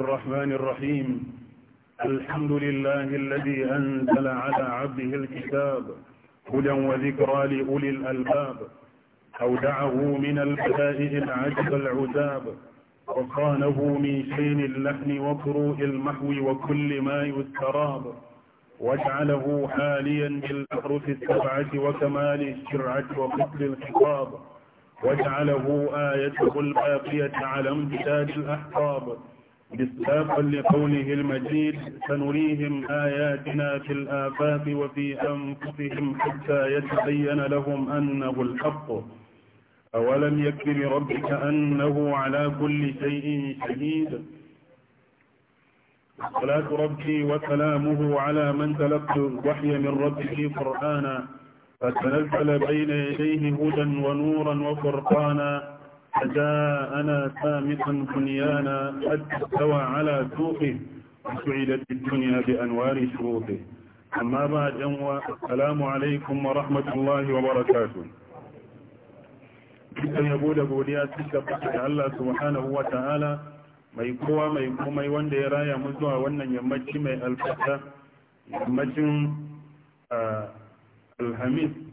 الرحمن الرحيم الحمد لله الذي أنزل على عبده الكتاب هدى وذكرى لأولي الألباب أودعه من البدائه العجب العذاب وقانه من شين اللحن وكروء المحو وكل ما يستراب واجعله حاليا بالأحرف السبعة وكمال الشرعة وقتل الخطاب واجعله آيته الباقية على امتداد الأحقاب مصداقا لقوله المجيد سنريهم آياتنا في الآفاق وفي أنفسهم حتى يتبين لهم أنه الحق أولم يكف بربك أنه على كل شيء شهيد صلاة ربي وسلامه على من تلقى الوحي من ربه قرآنا فتنزل بين يديه هدى ونورا وفرقانا فجاءنا سامقا بنيانا حتى استوى على سوقه وسعدت الدنيا بأنوار شروطه أما بعد أنوى السلام عليكم ورحمة الله وبركاته Dukan yabo da godiya suka tabbata da Allah subhanahu wa ta'ala mai kowa mai komai wanda ya raya mu zuwa wannan yammaci mai alfata yammacin alhamis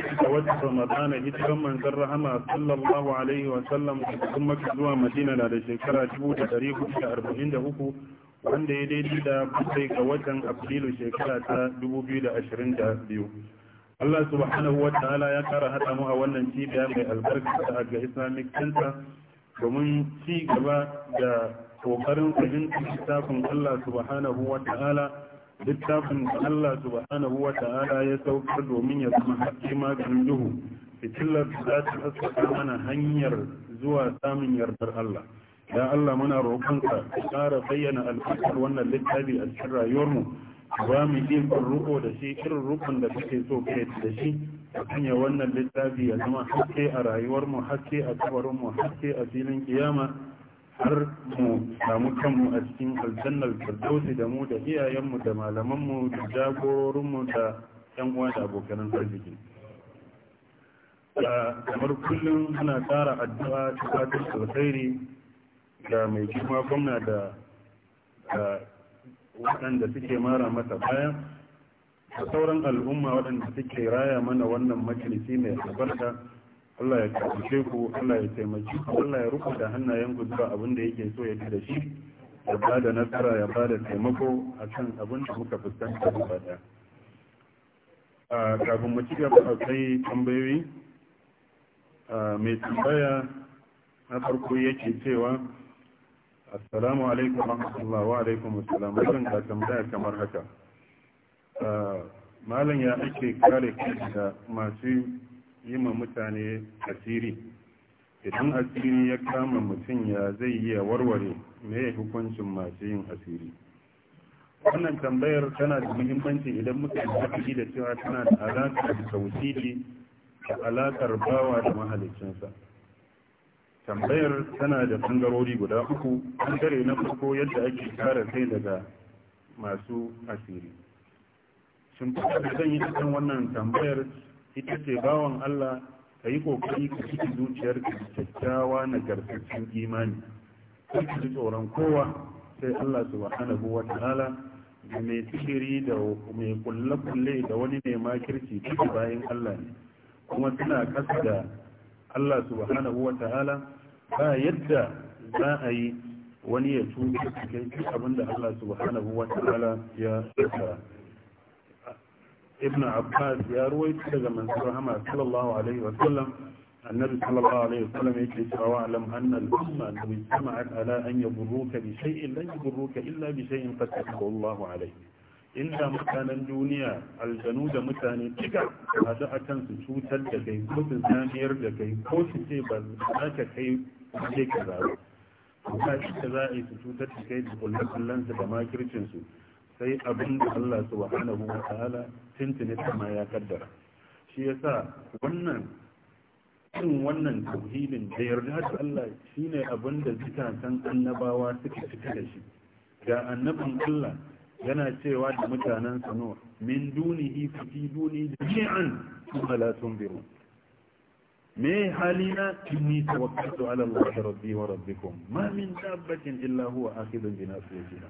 da wata ramadana hijiran manzan rahama sallallahu alaihi wasallam da maka zuwa madina na da shekara 1443 wanda ya daidai da kusai ga watan afrilu shekara ta 2022 Allah subhanahu wa ta'ala ya kara haɗa mu a wannan cibiya mai albarkata ta ga Islamic Center domin ci gaba da kokarin fahimtar littafin Allah subhanahu wa ta'ala littafin da Allah subhanahu wa ta'ala ya saukar domin ya zama ma maganin duhu fitilar za ta haskaka mana hanyar zuwa samun yardar Allah ya Allah muna roƙonka ka ƙara bayyana alfarkar wannan littafi a cikin rayuwarmu ba mu ikon ruko da shi irin rukun da kake so kai da shi a hanya wannan littafi ya zama haske a rayuwarmu haske a kabarinmu haske a filin kiyama har mu samu kanmu a cikin aljannar firdausi da mu da iyayenmu da malamanmu da jagororinmu da yan uwa da abokanan arziki ah, kamar kullum ana tsara addu'a ta fatar alkhairi ga mai girma gwamna da waɗanda suke mara masa baya da sauran al'umma waɗanda suke raya mana wannan majalisi mai albarka Allah ya karfafe ku Allah ya taimaki ku Allah ya rufe da hannayen ku zuwa abin da yake so ya da shi ya ba da nasara ya ba da taimako akan abin da muka fuskanta gaba daya kafin mu ci gaba akwai tambayoyi mai tambaya na farko yake cewa assalamu alaikum warahmatullahi wa alaikum assalam wannan ga tambaya kamar haka malam ya ake kare kai da masu yi ma mutane asiri idan asiri ya kama mutum ya zai yi warware mai hukuncin masu yin asiri wannan tambayar tana da muhimmanci idan muka yi da cewa tana da alaƙa da tausiri da alaƙar bawa da mahalicinsa tambayar tana da ɓangarori guda uku ɓangare na farko yadda ake kare kai daga masu asiri shimfiɗa da zan yi cikin wannan tambayar ita ce bawan Allah ka yi kokari ka ciki zuciyar ka kyakkyawa na garkacin imani kar ka ji tsoron kowa sai Allah subhanahu wa ta'ala da mai tsiri da mai kulle kulle da wani mai makirci ciki bayan Allah ne kuma suna kasa da Allah subhanahu wa ta'ala ba yadda za a yi wani ya tuka cikin abin da Allah subhanahu wa ta'ala ya tsara ابن عباس يروي كذا من سرهما صلى الله عليه وسلم النبي صلى الله عليه وسلم يتروى واعلم أن الأمة لو اجتمعت على أن يبروك بشيء لن يبروك إلا بشيء قد تكتب الله عليه إلا مكان الدنيا الجنود مكان تكع هذا أكن سوتا لكي كوت زامير لكي كوت سيبا لك كي كذا وكذا إذا سوتا لكي تقول لك اللنزة ما كريتنسو sai abin da Allah subhanahu wa ta'ala tuntuni kuma ya kaddara shi yasa wannan cin wannan tauhidin da yarda da Allah shine abin da zikatan annabawa suke cike da shi ga annabin Allah yana cewa da mutanen sano min dunihi fi duni jami'an kuma la tunbiru me halina inni tawakkaltu ala Allah rabbi wa rabbikum ma min dabbatin illa huwa akhidun bi nasiyatiha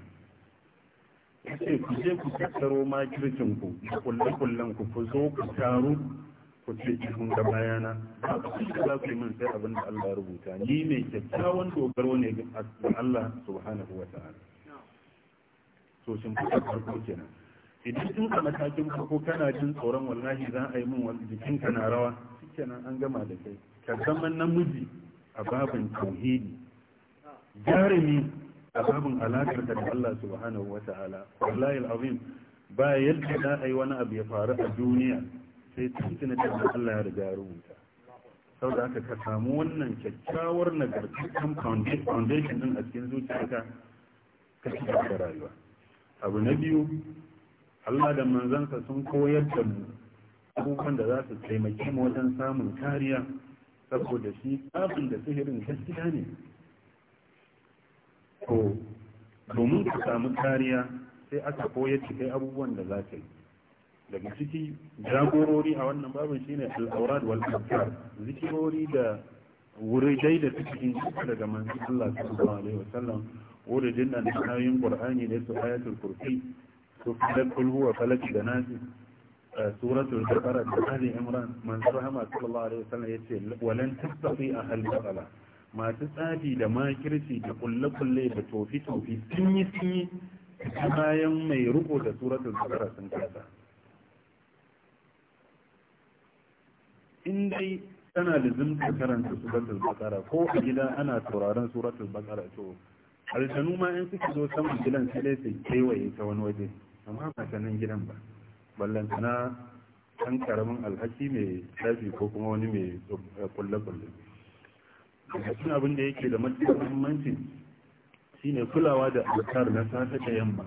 ya ce ku je ku tattaro kirkin ku da kulle-kullen ku ku zo ku taru ku ce kun ga bayana ba ku da za ku yi min sai abin da Allah rubuta ni mai kyakkyawan dogaro ne ga Allah subhanahu wa ta'ala so shin ku farko kenan idan tun a matakin farko kana jin tsoron wallahi za a yi min wani jikinka na rawa kenan an gama da kai ka zama namiji a babin tauhidi jarumi azabin alakar da Allah subhanahu wa ta'ala wallahi alazim ba yadda da ai wani abu ya faru a duniya sai tuntuna da Allah ya riga rubuta saboda haka ka samu wannan kyakkyawar nagartaccen foundation din a cikin zuciyarka ka ci da rayuwa abu na biyu Allah da manzansa sun koyar da mu abubuwan da za su taimaki mu wajen samun kariya saboda shi tsafin da sihirin gaskiya ne to domin ka samu kariya sai aka koyar ci kai abubuwan da za ka yi daga ciki jagorori a wannan babin shi ne al'aurad wal azkar zikirori da wuridai da suke cikin daga manzon Allah sallallahu alaihi wasallam wuridin nan da ayoyin Qur'ani ne su ayatul kursi su fadakul huwa falaki da nasi eh, suratul baqara da ali imran manzon Muhammad sallallahu alaihi sallam yace walan tastati ahal qala masu tsafi da makirci da kulle-kulle da tofi-tofi sun yi sun yi ta bayan mai riko da suratul bakara sun kasa in dai tana da lizimta karanta suratul bakara ko a gida ana tauraron suratul bakara to aljanu ma in suke zo saman gidan sai dai sai kewaye ta wani waje amma ba ta nan gidan ba na ɗan karamin alhaki mai tafi ko kuma wani mai kulle-kulle cikin abin da yake da matuƙar muhimmanci shine kulawa da alkar na safe da yamma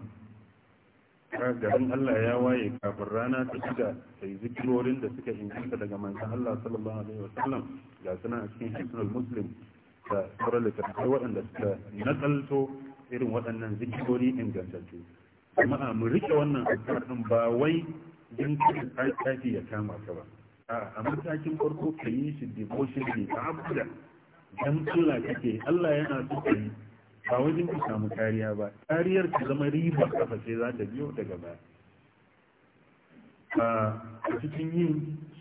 garin Allah ya waye kafin rana ta shiga sai zikirorin da suka inganta daga manzon Allah sallallahu alaihi sallam ga suna cikin hisnul muslim da sauran littattafai waɗanda suka nakalto irin waɗannan zikirori ingantattu a mu rike wannan azkar din ba wai din tsaki ya kama ka ba a matakin farko ka yi shi devotion ne a abuja dan Allah kake Allah yana so yi ba wajen ka samu kariya ba kariyar ta zama riba kafa sai za ta biyo daga baya a cikin yin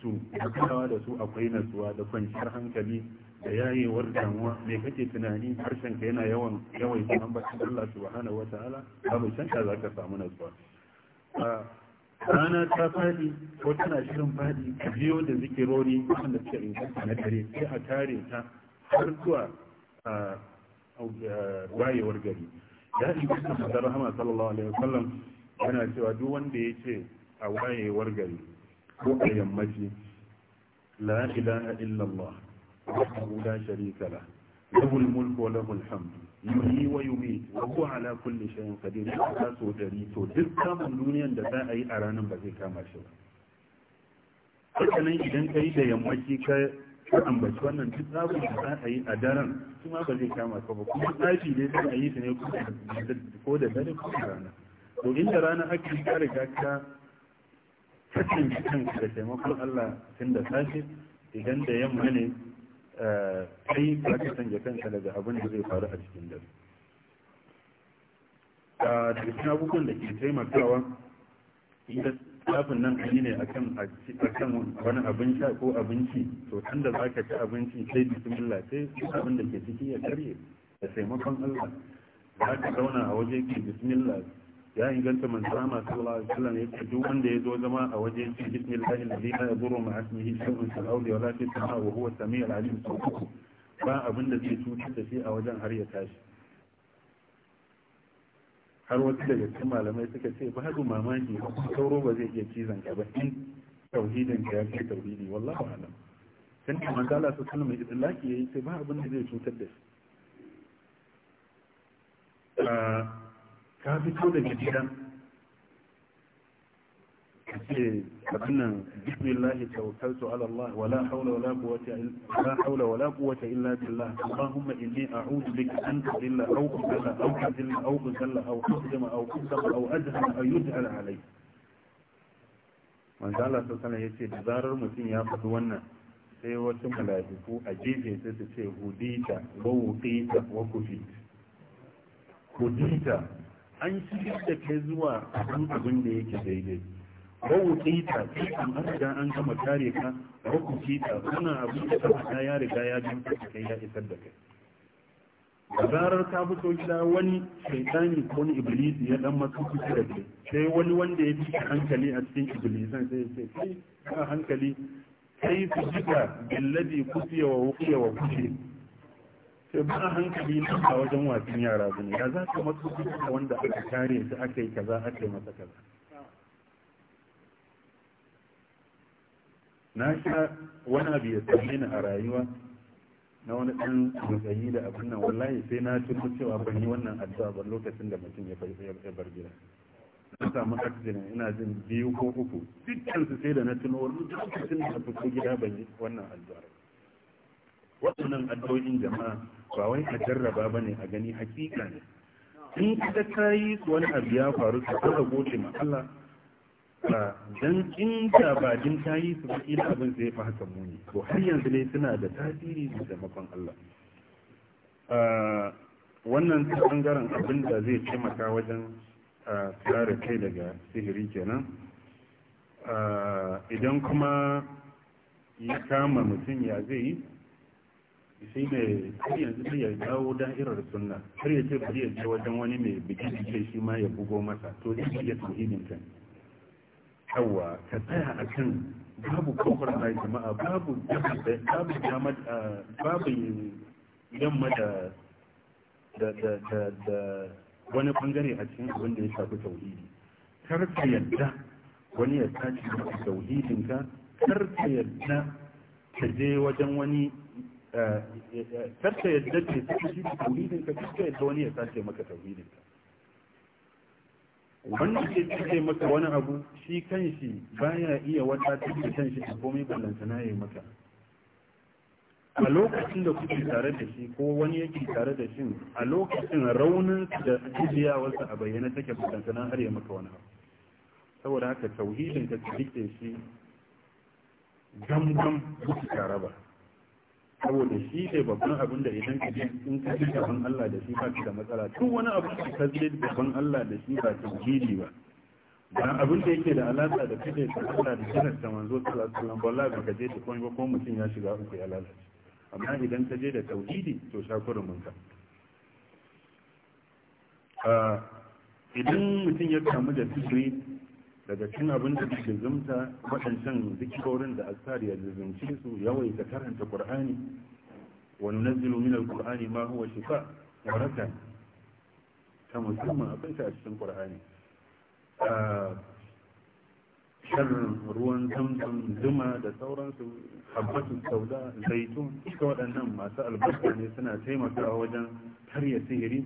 su da kulawa da su akwai natsuwa da kwanciyar hankali da yayewar damuwa mai kake tunani harshen ka yana yawan yawan sunan bakin Allah subhanahu wataala babu shakka za ka samu natsuwa rana ta fadi ko tana shirin fadi biyo da zikirori wanda suka inganta na dare sai a tare ta har zuwa wayewar gari ya yi kusa masar rahama sallallahu alaihi wasallam yana cewa duk wanda ya ce a wayewar gari ko a yammaci la ilaha illallah wahdahu la sharika la lahu mulku wa lahu alhamd yuhyi wa yumiit wa huwa ala kulli shay'in qadir ya so dari to duk kamun duniyan da za a yi a ranar ba zai kama shi ba haka idan kai da yammaci ka ka ambaci wannan duk tsafin da za a yi a daren su ma ba zai kama ka ba kuma tsafi dai za a yi su ne ko da dare ko da rana to inda rana ake ka riga ka kacin kanka da taimakon Allah tun da safe idan da yamma ne eh, kai ba ka canja kanka daga abin da zai faru a cikin dare ah, cikin da ke taimakawa kafin nan an yi ne akan kan wani abin sha ko abinci to kan da ka ci abinci sai bismillah sai abin da ke ciki ya karye da taimakon Allah za ka zauna a waje ki bismillah ya inganta manzo Allah sallallahu alaihi wasallam ya duk wanda ya zo zama a waje ki bismillah alladhi la yadurru ma ismihi shay'un fil ardi wa la fis sama'i wa huwa as-sami'ul ba abin da zai cutar da shi a wajen har ya tashi har wasu daga cikin malamai suka ce babu mamaki sauro ba zai iya cizon ka ba in tauhidin ka ya tauhidi wallahu alam tun da manzala su laki ya yi sai ba abin da zai cutar da shi ah, ka fito daga gidan ka ce abin nan bismillahi tawakkaltu ala Allah wala haula wala quwwata illa hawla wala quwwata illa billah allahumma inni a'udhu bika an tudilla aw tudilla aw tudilla aw tudilla aw tudilla aw tudilla aw adhama aw yud'al alayhi manzo Allah sallallahu alaihi yace da zarar mutum ya faɗi wannan sai wasu mala'iku a gefe sai su ce hudita wa wuqita wa kufita hudita an shigar da kai zuwa abin da yake daidai wawutsita sai an riga an gama kare ka wakutsita kana abin da ka ya riga ya ji ka kai ya isar da kai da zarar ka fito gida wani shaitani ko wani iblis ya dan masu kusa da kai sai wani wanda ya fi hankali a cikin iblis sai sai kai ka hankali kai su jika billadi kusiya wa hukiya wa kushe sai ba a hankali na a wajen wasan yara bane ya za ka masu da wanda aka kare su aka yi kaza aka yi masa kaza na sha wani abu ya same ni a rayuwa na wani ɗan matsayi da abin nan wallahi sai na tuno cewa ban yi wannan addu'a ba lokacin da mutum ya bar gida na samu accident ina jin biyu ko uku dukkan sai da na tuno lokacin da fito gida ban yi wannan addu'a waɗannan addu'o'in jama'a ba wai a jarraba ne, a gani hakika ne in ka ta yi wani abu ya faru ka fara gode ma Allah dan inda ba din ta yi su kila abin zai fi haka muni to har yanzu ne suna da tasiri da taimakon Allah wannan ta bangaren abin da zai taimaka wajen tsare kai daga sihiri kenan idan kuma ya kama mutum ya zai yi sai ne har yanzu ya dawo da'irar sunna har ya ce bari ya je wajen wani mai bikin ce shi ma ya bugo masa to zai iya tauhidin kan yawa ka tsaya a kan babu kofar bayan jama'a babu yamma da wani bangare a cikin abin da ya shafi tauhidi kar ka yadda wani ya tashi da tauhidinka kar ka yadda ka je wajen wani kar ka yadda ce tashi da kar ka yadda wani ya tashi maka tauhidinka wanda ke cike maka wani abu shi kanshi baya iya wata cikin kanshi a komai ballanta na yi maka a lokacin da kuke tare da shi ko wani yake tare da shi a lokacin raunin da wasu a bayyana take ballanta na har yi maka wani abu saboda haka tauhidin ka rike shi gangan kuke tare ba saboda shi ne babban abin da idan ka in ka ji gaban Allah da shi ba da matsala duk wani abu da ka ji gaban Allah da shi ba tauhidi ba ba abin da yake da alaka da kake da Allah da jinar da manzo sallallahu alaihi wasallam wallahi ba ka je da komai ba ko mutum ya shiga uku ya lalace amma idan ka je da tauhidi to shakurin mun ka ah, idan mutum ya kamu da tsiri daga cin abin da ke zumta waɗancan zikirorin da azkar ya zumce su yawaita karanta qur'ani wani nazilu min alqur'ani ma huwa shifa wa ta musamman akwai ta a cikin qur'ani shan ruwan zamzam zuma da sauransu habbatu sauda zaitun ita waɗannan masu albarka ne suna taimakawa wajen karya sihiri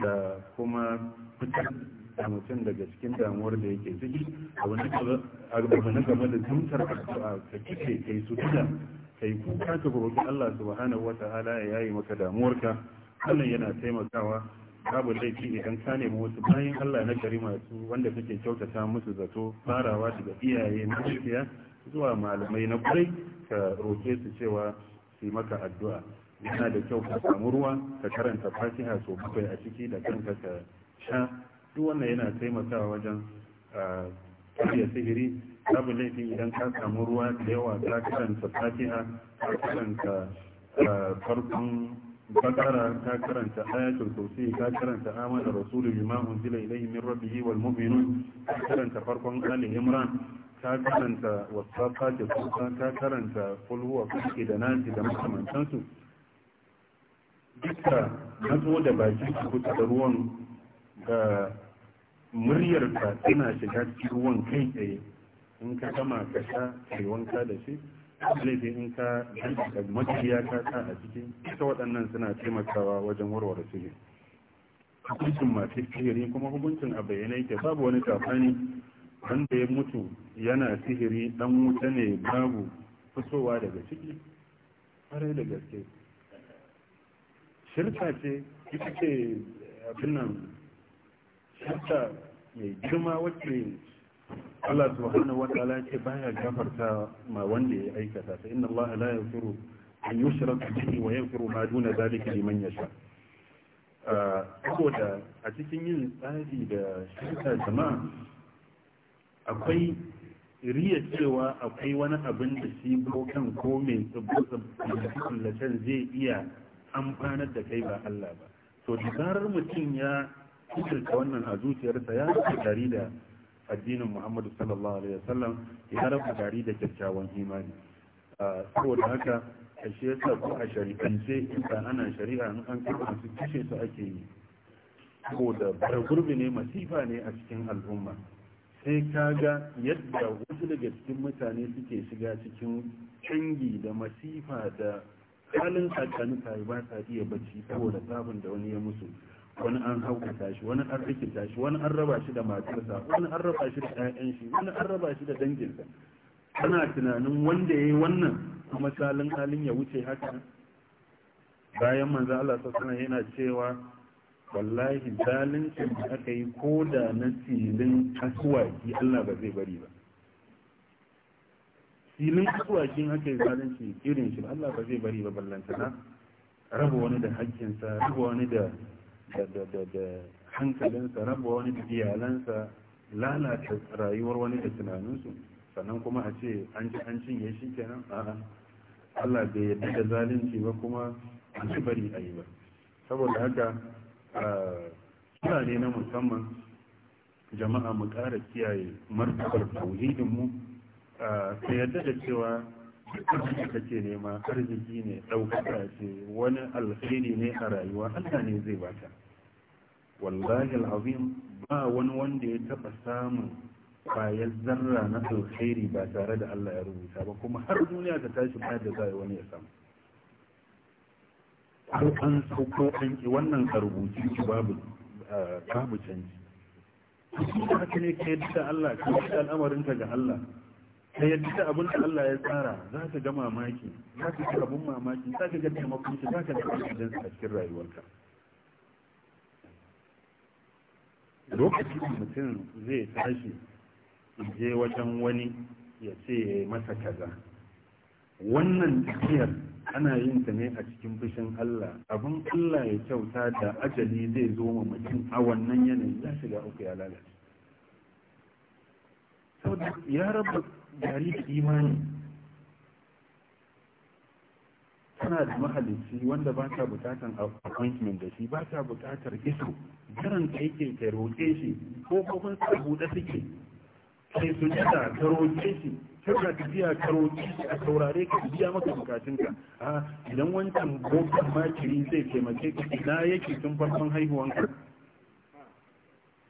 da kuma fitar ta mutum daga cikin damuwar da yake ciki abu na gaba da tumtar addu'a ka kike kai su tuna kai kuka ka roki Allah subhanahu wataala ya yayi maka damuwarka Allah yana taimakawa babu laifi idan ka nemi wasu bayan Allah na gari masu wanda kake kyautata musu zato farawa daga iyaye na gaskiya zuwa malamai na kwarai ka roke su cewa su maka addu'a yana da kyau ka samu ruwa ka karanta fasiha sau bakwai a ciki da kanka ka sha duk wannan yana taimakawa wajen a ah, kariya sihiri babu laifin idan ka samu ruwa da yawa ka karanta fatiha ka karanta ah, farkon bakara ka karanta ayatul kursi ka karanta amana rasulu bima unzila ilayhi min rabbihi wal mu'minun ka karanta farkon ali imran ka karanta wasafa da kusa ta karanta fulwa kuke da nasi da makamantansu duka matso da baki a kusa da ruwan ga ah, Muryar ta tana shiga cikin ruwan kai tsaye in ka kama ka sha kai wanka da shi laifi in ka da makiya ka sa a ciki ita waɗannan suna taimakawa wajen warware sihiri hukuncin masu sihiri kuma hukuncin a bayyana yake babu wani tafani wanda ya mutu yana sihiri dan wuta ne babu fitowa daga ciki ƙwarai da gaske shirka ce ita ce abin nan hatta ya girma wacce Allah subhanahu wa ta'ala ce baya gafarta ma wanda ya aikata ta inna Allah la yaghfiru an yushraka bihi wa yaghfiru ma duna zalika liman yasha saboda a cikin yin tsari da shirka jama'a akwai riya cewa akwai wani abin da shi bokan ko mai tsibbutsin zai iya amfanar da kai ba Allah ba to da zarar mutum ya kudurta wannan a zuciyarsa ya rufe gari da addinin muhammadu sallallahu alaihi wasallam ya rufe gari da kyakkyawan imani saboda haka a shi sa ko a shari'ance inda ana shari'a in an karɓa su kashe su ake yi saboda bargurbi ne masifa ne a cikin al'umma sai ka ga yadda wasu daga cikin mutane suke shiga cikin cangi da masifa da halin tsakanin ba sa iya bacci saboda sabon da wani ya musu wani an haukata shi wani an rikita shi wani an raba shi da matarsa wani an raba shi da 'ya'yan shi wani an raba shi da danginsa kana tunanin wanda ya yi wannan kuma salin halin ya wuce haka bayan manzo Allah sassana yana cewa wallahi zalincin da aka yi ko da na silin asuwaki Allah ba zai bari ba silin asuwakin aka yi zalunci irin shi Allah ba zai bari ba ballantana raba wani da hakkinsa raba wani da da hankalinsa raba wani da iyalansa lalata rayuwar wani da tunaninsu sannan kuma a ce an ci an cinye shi kenan a Allah bai yarda da zalunci ba kuma an ci bari a yi ba saboda haka suna ne na musamman jama'a mu ƙara kiyaye martabar tauhidinmu ta yarda da cewa abin da nema arziki ne ɗaukaka ce wani alheri ne a rayuwa Allah ne zai bata wallahi alazim ba wani wanda ya taɓa samun kwayar zarra na alheri ba tare da Allah ya rubuta ba kuma har duniya ta tashi ba da zai wani ya samu har an sauko an ki wannan a rubuci babu babu canji haka ne ka yadda Allah ka al'amarinka ga Allah ka yadda da abin da Allah ya tsara za ka ga mamaki za ka ga abin mamaki za ka ga taimakon shi za ka ga abin a cikin rayuwarka lokacin mutum zai tashi je wajen wani ya ce ya yi masa kaza wannan tafiyar ana yin ta ne a cikin fushin Allah abin Allah ya kyauta da ajali zai zo ma mutum a wannan yanayi ya shiga uku ya lalace saboda ya rabu. gari da imani tana da mahalicci wanda ba ta bukatar appointment da shi ba ta bukatar iso garin ka yake ka roƙe shi ko kofin sa buɗe suke sai su jada ka roƙe shi kirka tafiya ka roƙe shi a saurare ka biya maka bukatunka a idan wancan bokan makiri zai taimake ka ina yake tun farkon haihuwanka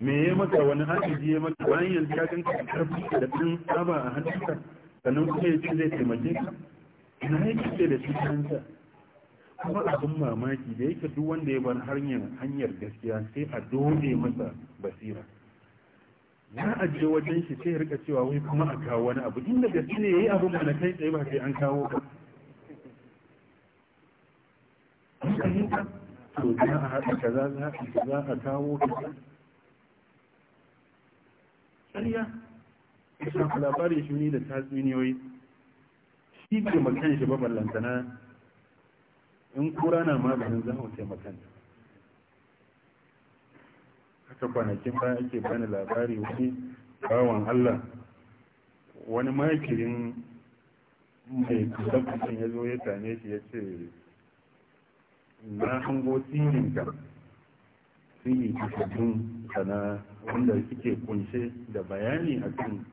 me ya maka wani agaji ya maka bayan yanzu ya ganka da karfi da ɗan tsaba a hannunka sannan kuma ya ce zai taimake ka na ya ce da shi hanta kuma abin mamaki da yake duk wanda ya bar hanyar hanyar gaskiya sai a dole masa basira za a je wajen shi sai rika cewa wai kuma a kawo wani abu inda shi ne yayi abin mana kai tsaye ba sai an kawo ba an fahimta to za a haɗa kaza za a kawo kaza ƙarya kusan labari shi ne da tatsuniyoyi shi bai makan shi ba ballantana in kura na maganin zan sai makan haka kwanakin ba ake bani labari wani bawan allah wani makirin mai kusan ya zo ya same shi ya ce na hango gaba sun yi takardun sana wanda suke kunshe da bayani akan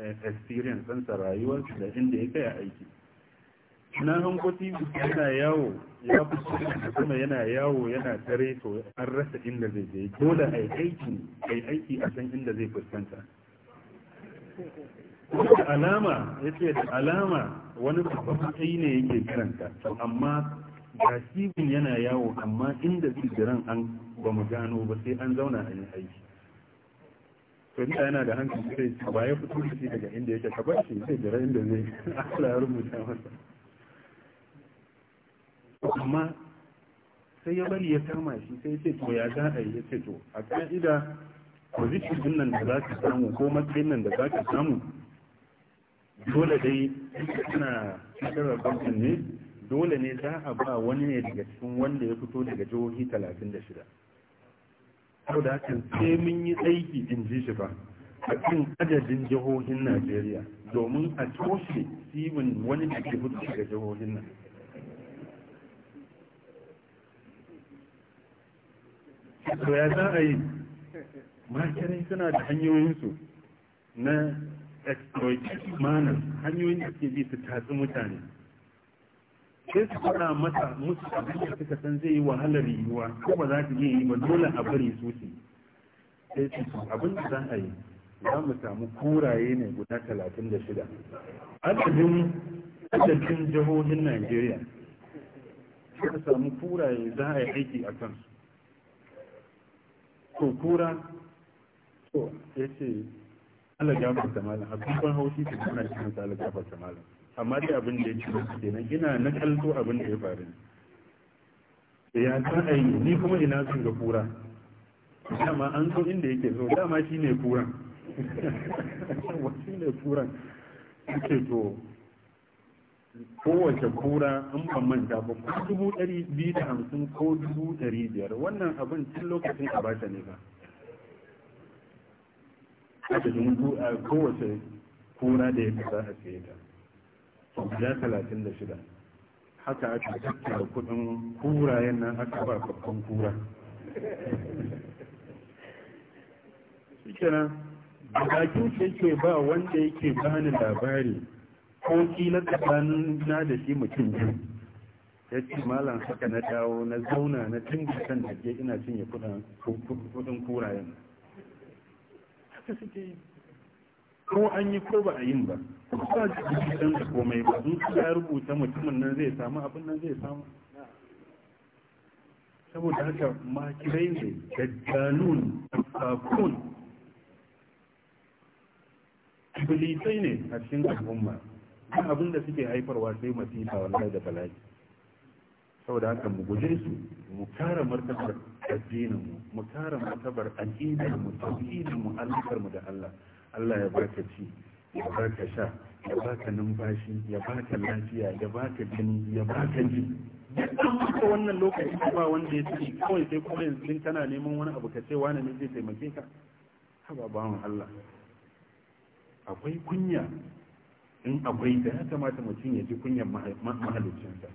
eh, experience ɗansa rayuwarsa da inda ya kai aiki na hankoti yana yawo ya fi kuma yana yawo yana tare to an rasa inda zai je dole a aiki a aiki a san inda zai fuskanta da alama ya ce da alama wani babban ai ne yake karanta amma ga yana yawo amma inda zai jiran an ba mu gano ba sai an zauna an yi aiki to ni yana da hankali sai ba ya fito da shi daga inda yake ka bashi zai jira inda zai Allah ya rubuta masa amma sai ya bari ya kama shi sai ya ce to ya za a yi ya ce to a ka'ida position din nan da za ka samu ko matsayin nan da za ka samu dole dai suna shekarar bankin ne dole ne za a ba wani ne daga cikin wanda ya fito daga jihohi talatin da shida saboda hakan sai mun yi aiki in ji shi ba a kan adadin jihohin najeriya domin a toshe simin wani da ke fito daga jihohin nan to ya za a yi makarai suna da hanyoyinsu na exploitation manan hanyoyin da ke bi su tatsi mutane sai su faɗa masa musu abin da suka san zai yi wahalar yiwuwa ko ba za su iya yi ba dole a bari su su sai su abin da za a yi za mu samu kuraye ne guda talatin da shida adadin adadin jihohin najeriya suka samu kuraye za a yi aiki a kan to kura to ya ce ala gafarta malam haushi su kuna cikin sa ala ta malam amma dai abin da ya ci kenan ina na kalto abin da ya faru ya ta a yi ni kuma ina sun ga kura dama an so inda yake so dama shi ne kuran shi ne kuran suke to kowace kura an ban manta ba ko dubu ɗari biyu da hamsin ko dubu ɗari biyar wannan abin tun lokacin a bata ne ba a cikin kowace kura da ya fi za a siye ta guda talatin da shida haka aka tattara kudin kura nan aka ba babban kura shikenan da bakin shi yake ba wanda yake bani labari ko kila tsakanin na da shi mutum biyu ya ce malam haka na dawo na zauna na tunga kan da ke ina cinye kudin kuraye. haka ko an yi ko ba a yin ba ba ji jiki dan da komai ba zuci ya rubuta mutumin nan zai samu abin nan zai samu saboda haka makirai ne dajjalun sakun bilisai ne a cikin al'umma duk abin da suke haifarwa sai masifa wallahi da bala'i saboda haka mu guje su mu kara martabar addinin mu mu kara martabar addinin mu tauhidin mu alƙar mu da Allah Allah ya baka ci ya baka sha ya baka numfashi ya baka lafiya ya baka jini ya baka ji an maka wannan lokaci ba wanda ya ci kawai sai kuma yanzu kana neman wani abu ka ce wani ne zai taimake ka haba bawan Allah akwai kunya in akwai da ya kamata mutum ya ji kunyan mahalicinsa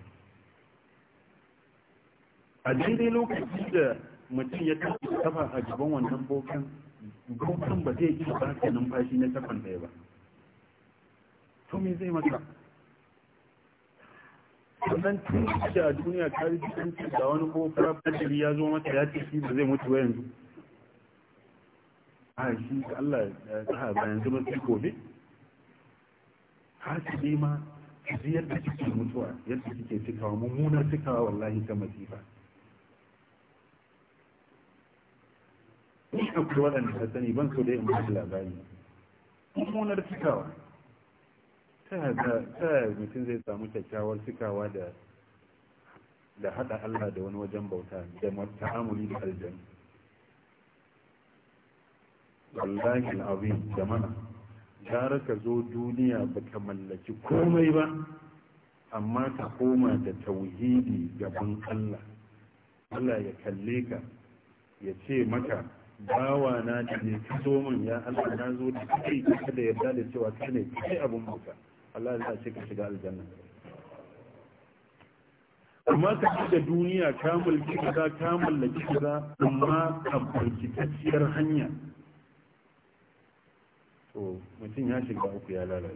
a daidai lokaci da mutum ya tafi kafa a gaban wannan bokan gautan ba zai iya baka numfashi na takwan ɗaya ba to me zai maka sannan tun da a duniya ta yi jikin da wani ko farafajiri ya zo mata ya ce shi ba zai mutu ba yanzu a shi Allah ya tsaha ba yanzu ba sai gobe hasili ma ziyar da kike mutuwa yadda kike cikawa mummunar cikawa wallahi ta masifa ni akwai waɗanda ta sani ban so da yin wasu labari mummunar cikawa ta yaya mutum zai samu kyakkyawar cikawa da da haɗa Allah da wani wajen bauta da ta'amuli da aljan wallahi al'azim jama'a gara ka zo duniya ba baka mallaki komai ba amma ka koma da tauhidi gaban Allah Allah ya kalle ka ya ce maka bawa na da ne ka zo min ya Allah na zo da kai ka da yarda da cewa kai ne kai abun bauta Allah ya ka shiga aljanna amma ka da duniya ka mulki ka ka mallaki ka amma ka mulki tafiyar hanya to mutum ya shiga uku ya lalace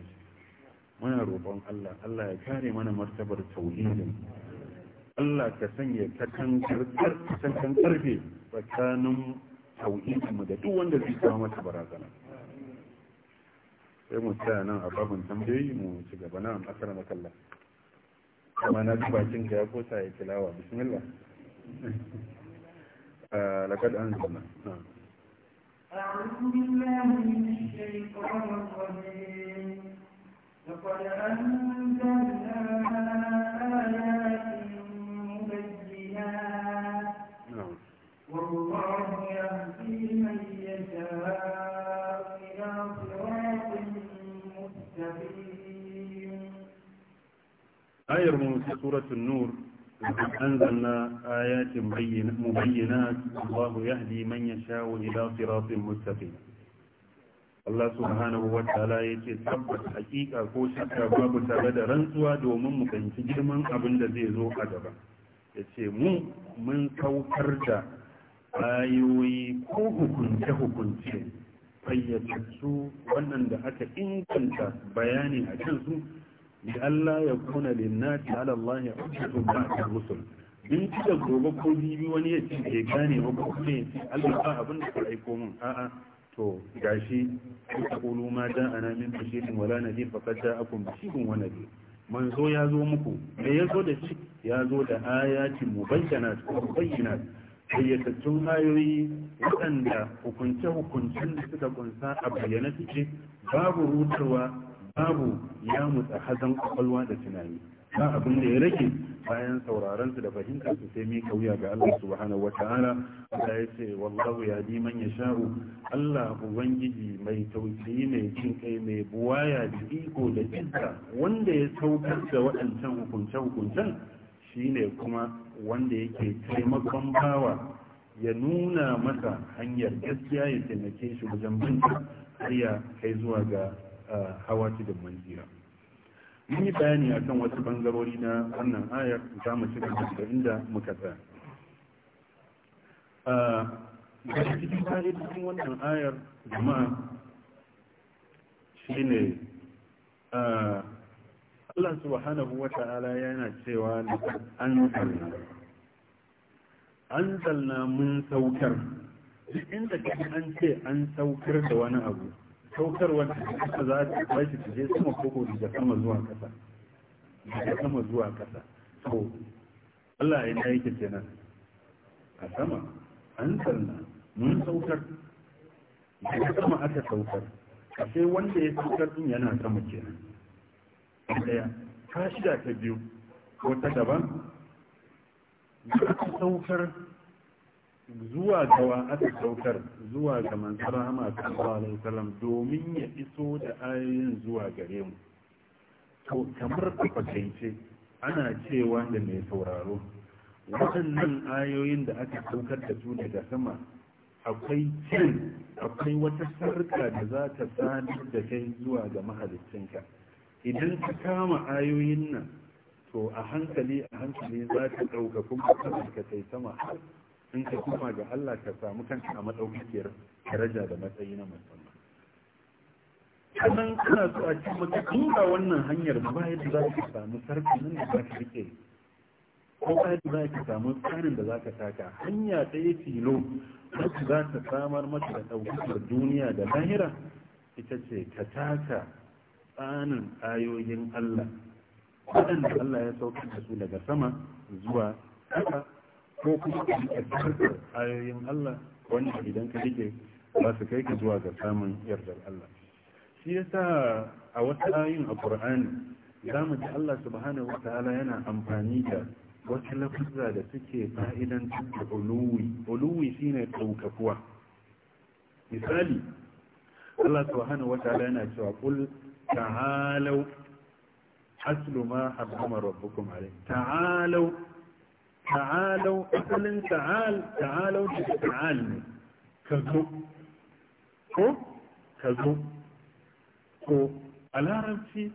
muna roƙon Allah Allah ya kare mana martabar tauhidin Allah ka sanya ka kan karfe tsakanin tauhidin mu da duk wanda zai kawo mata barazana sai mu tsaya nan a babin tambayoyi mu ci gaba nan akara makalla kuma na ji bakin ka ya kosa ya tilawa bismillah لقد أنزلنا ah, أعوذ بالله من الشيطان الرجيم لقد أنزلنا آيات ayar mu ta Suratun nur أنزلنا آيات مبينات الله يهدي manyan يشاء إلى صراط مستقيم Allah subhanahu wa ta'ala ya ce tabbas hakika ko shakka babu tare da rantsuwa domin mu fahimci girman abin da zai zo a gaba ya ce mu mun saukar da ayoyi ko hukunce-hukunce fayyacin su waɗanda aka inganta bayani a kansu da Allah ya kuna linnati ala Allah ya hujjatun ba'da rusul in ci da gobe ko bibi wani ya ce ke gane wa ko kuma Allah ba abin da ka aiko mun a'a to gashi ku qulu ma ja'ana min bashirin wala nadir faqad ja'akum bashirun wa nadir manzo ya zo muku me ya zo da shi ya zo da ayatin mubayyanat mubayyanat bayyatattun ayoyi waɗanda hukunce-hukuncen da suka kunsa a bayyana suke babu rutarwa babu ya mutsa hazan kwakwalwa da tunani ba abin da ya rage bayan sauraron su da fahimtar su sai mai kauya ga Allah subhanahu wataala Allah ya ce wallahu ya di man yasha'u Allah ubangiji mai tausayi mai cin kai mai buwaya da iko da jinka wanda ya saukar da waɗancan hukunce hukuncen shine kuma wanda yake taimakon bawa ya nuna masa hanyar gaskiya ya taimake shi wajen binta har ya kai zuwa ga hawa da manzira mun yi bayani kan wasu bangarori na wannan ayar za mu da daga inda muka tsaya a cikin cikin wannan ayar jama'a ne. Allah subhanahu wa ta'ala yana cewa an tsalla an tsalla mun saukar duk inda kaji an ce an saukar da wani abu saukarwar kasa za ta tashi ta je sama koko daga sama zuwa kasa daga sama zuwa kasa to Allah ya yake kenan a sama an sanna mun saukar daga sama aka saukar sai wanda ya saukar din yana sama kenan daya ta shida ta biyu ko ta daban da aka saukar zuwa ga wa aka saukar zuwa ga manzon rahama sallallahu alaihi wasallam domin ya iso da ayoyin zuwa gare mu to kamar kwatance ana cewa da mai sauraro waɗannan ayoyin da aka saukar da su daga sama akwai cin akwai wata sarka da za ta sadar da kai zuwa ga mahalicinka idan ka kama ayoyin nan to a hankali a hankali za ka ɗauka kuma ka kai sama har in ka kuma, ga Allah ka samu kanka a matsaukakiyar daraja da matsayi na musamman sannan kana so a cikin duba wannan hanyar ba yadda za ka samu sarki nan da za ka rike ko ba yadda za ka samu tsarin da za ka taka hanya ɗaya tilo wacce za ka samar maka da ɗaukakar duniya da lahira ita ce ka taka tsanin ayoyin Allah waɗanda Allah ya saukar da su daga sama zuwa ƙasa ko kuma ka rike ayoyin Allah wanda idan ka rike ba su kai ka zuwa ga samun yardar Allah shi sa a wata ayoyin a Qur'ani za mu ji Allah subhanahu wa ta'ala yana amfani da wata lafuzza da suke fa'idan da uluwi uluwi shine daukakuwa misali Allah subhanahu wa ta'ala yana cewa qul ta'alu aslu ma harrama rabbukum alayhi ta'alu ta'alau asalin ta'al ta'alau da ta'al ne ka zo ko ka zo ko a larabci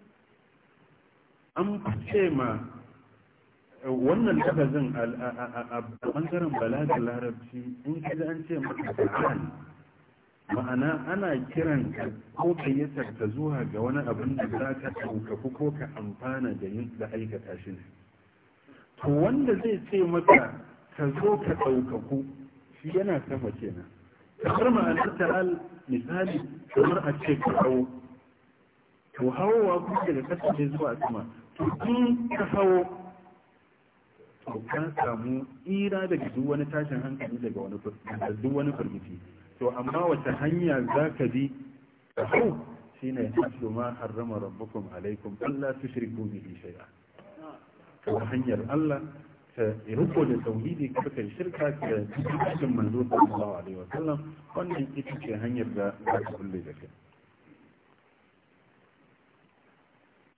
an ce ma wannan lafazin a bangaren balaga larabci in kaji an ce maka ta'al ma'ana ana kiran ko kayyatar ka zuwa ga wani abin da za ka ɗaukaku ko ka amfana da yin da aikata shi ne to wanda zai ce maka ka zo ka ɗaukaku shi yana sama kenan kamar ma'anar ta'al misali kamar a ce ka hawo to hawowa ku daga ƙasa ne zuwa sama to in ka hawo to ka samu tsira daga duk wani tashin hankali daga wani duk wani firgiti to amma wata hanya za ka bi ka hau shine ne ma harrama rabbukum alaikum Allah tushriku bihi shay'a ta hanyar Allah ka riko da tauhidi ka kai shirka ka cikin manzo sallallahu alaihi wasallam wannan ita ce hanyar da za ka kulle da kai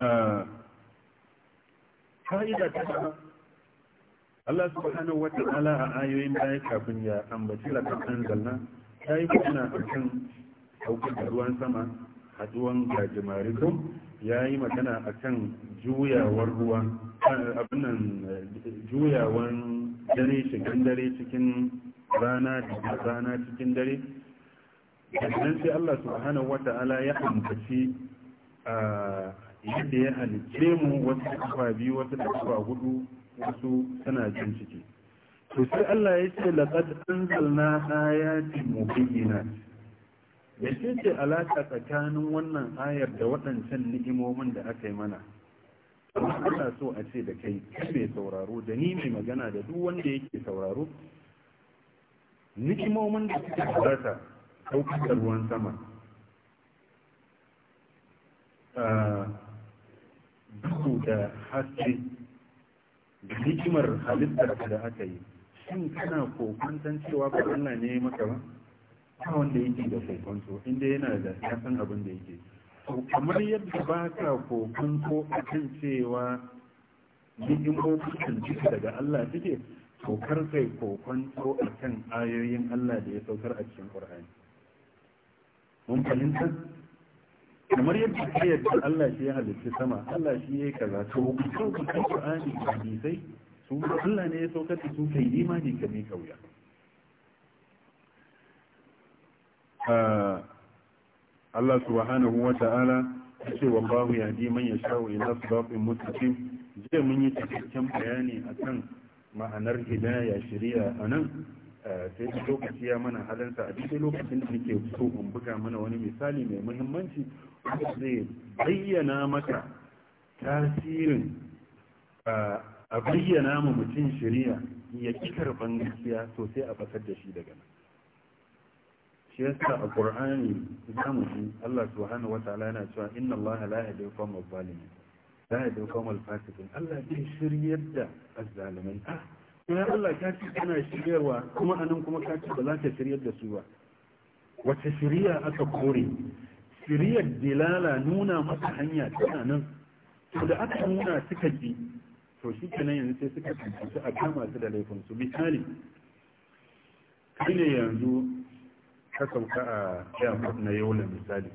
ah, fa'ida ta Allah subhanahu wa ta'ala a ayoyin baya kafin ya ambaci lakan anzalna ta yi kuna a kan da ruwan sama haduwan gajimari don ya yi magana a kan juyawar ruwa abinan juyawar dare cikin dare cikin rana cikin rana cikin dare nan sai Allah subhanahu wata'ala ya ambaci yadda ya halice mu wasu kafa biyu wasu kafa hudu wasu suna jin ciki to sai Allah ya ce laqad anzalna ayatin mubinat mece ce alaƙa tsakanin wannan ayar da waɗancan ni'imomin da aka yi mana amma ana so a ce da kai mai sauraro da ni mai magana da duk wanda yake sauraro ni'imomin da suke halarta ɗaukar ruwan sama duhu da haske da hikimar halittar da aka yi shin kana kokon cewa ba Allah ne maka ba ta wanda yake da kokonto inda yana da ya abin da yake kamar yadda ba ka kokonto a kan cewa ni'imomin kan duka daga Allah take to kar kai kokonto a kan ayoyin Allah da ya saukar a cikin Qur'ani mun fahimta kamar yadda ka yadda Allah shi ya halitta sama Allah shi ya yi kaza to hukuncin Qur'ani da hadisai su Allah ne ya saukar da su kai imani ka mai kauya Allah subhanahu wa ta'ala ya ce wa ya yahdi man yasha'u ila siratin mustaqim zai mun yi cikakken bayani akan ma'anar hidaya shari'a anan sai lokaci ya mana halinsa a cikin lokacin da nake so in buga mana wani misali mai muhimmanci wanda zai bayyana maka tasirin a bayyana mu mutum shari'a ya ƙi karɓar gaskiya sosai a fasar da shi daga nan shi yasa a qur'ani zamu ji Allah subhanahu wataala yana cewa inna Allah la yahdi al-qawmal zalimin la yahdi al-qawmal fasiqin Allah bai shiryar da azzalimin ah ya Allah ka ce kana shiryarwa kuma anan kuma ka ce ba za ka shiryar da su ba wace shiriya aka kore shiriyar dilala nuna masa hanya tana nan to da aka nuna suka ji to shi kenan yanzu sai suka tantance a kama su da laifin su misali kai ne yanzu ta sauka a airport na yola misali